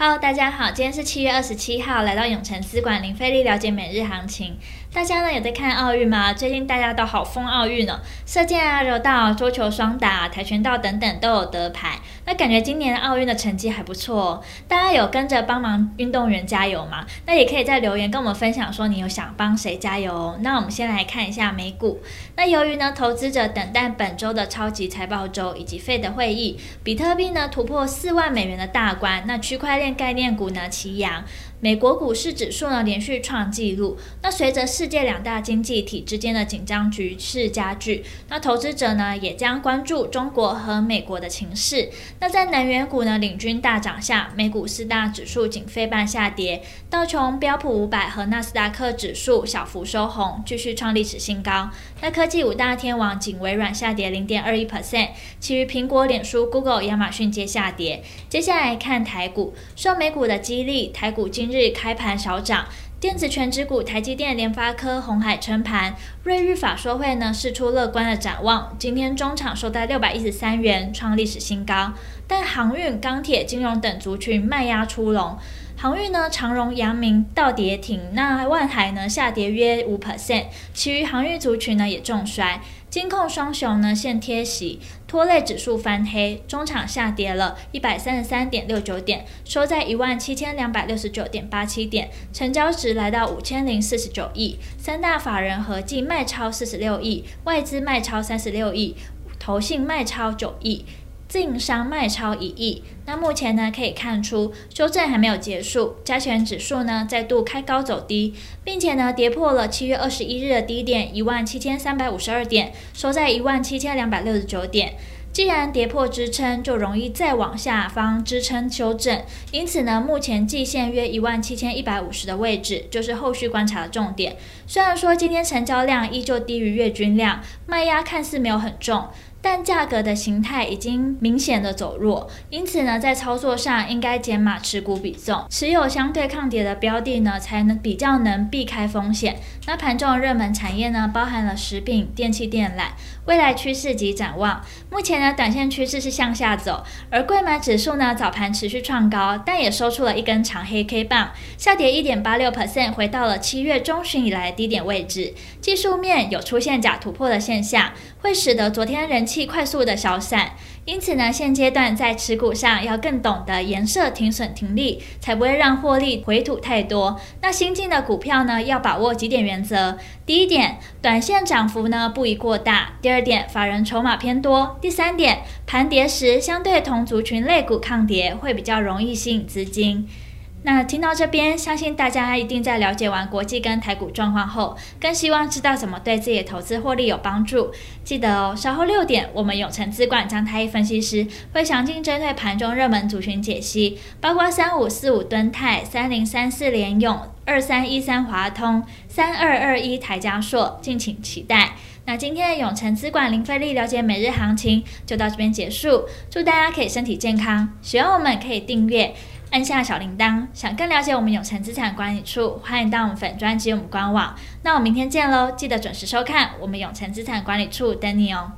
Hello，大家好，今天是七月二十七號，來到永成資管林飛利了解每日行情。大家呢有在看奧運嗎？最近大家都好瘋奧運哦，射箭啊、柔道、桌球雙打、跆拳道等等都有得牌。那感覺今年奧運的成績還不錯哦，大家有跟着幫忙運動員加油嗎？那也可以在留言跟我們分享，說你有想幫誰加油哦。那我們先來看一下美股。那由於呢投資者等待本週的超級財報週以及費德會議，比特幣呢突破四萬美元的大關，那區塊鏈。概念股呢齊揚，美國股市指數呢連續創紀錄。那隨着世界兩大經濟體之間的緊張局勢加劇，那投資者呢也將關注中國和美國的情勢。那在能源股呢領軍大漲下，美股四大指數僅費半下跌，道瓊、標普五百和納斯達克指數小幅收紅，繼續創歷史新高。那科技五大天王僅微軟下跌零點二一 percent，其餘蘋果、臉書、Google、亞馬遜皆下跌。接下來看台股。受美股的激勵，台股今日開盤小漲，電子權值股台積電、聯發科、鴻海撐盤。瑞昱法說會呢，釋出樂觀的展望。今天終場收在六百一十三元，創歷史新高。但航運、鋼鐵、金融等族群賣壓出籠。航運呢，長榮、陽明到跌停，那萬海呢下跌約五 percent，其餘航運族群呢也重衰，金控雙雄呢現貼息，拖累指數翻黑，中場下跌了一百三十三點六九點，收在一萬七千兩百六十九點八七點，成交值來到五千零四十九億，三大法人合計賣超四十六億，外資賣超三十六億，投信賣超九億。自營商賣超一億，那目前呢可以看出，修正還沒有結束，加權指數呢再度開高走低，並且呢跌破了七月二十一日的低點一萬七千三百五十二點，收在一萬七千兩百六十九點。既然跌破支撐，就容易再往下方支撐修正，因此呢，目前季線約一萬七千一百五十的位置就是後續觀察的重點。雖然說今天成交量依舊低於月均量，賣壓看似沒有很重。但價格的形態已經明顯的走弱，因此呢，在操作上應該減碼持股比重，持有相對抗跌的標的呢，才能比較能避開風險。那盤中的熱門產業呢，包含了食品、電器、電纜。未來趨勢及展望，目前呢，短線趨勢是向下走，而櫃買指數呢，早盤持續創高，但也收出了一根長黑 K 棒，下跌一點八六 percent，回到了七月中旬以來的低點位置。技術面有出現假突破的現象，會使得昨天人氣快速的消散，因此呢，現階段在持股上要更懂得嚴守停損停利，才不會讓獲利回吐太多。那新進的股票呢，要把握幾點原則：第一點，短線漲幅呢不宜過大；第二點，法人籌碼偏多；第三點，盤跌時相對同族群類股抗跌，會比較容易吸引資金。那聽到這邊，相信大家一定在了解完國際跟台股狀況後，更希望知道怎麼對自己的投資獲利有幫助。記得哦，稍後六點，我們永成資管張太一分析師會詳盡針對盤中熱門族群解析，包括三五四五敦泰、三零三四聯詠、二三一三華通、三二二一台嘉碩，敬請期待。那今天的永成資管零費力了解每日行情就到這邊結束，祝大家可以身體健康，喜歡我們可以訂閱。按下小鈴鐺，想更了解我們永誠資產管理處，歡迎到我們粉專及我們官網。那我們明天見嘍，記得準時收看，我們永誠資產管理處等你哦。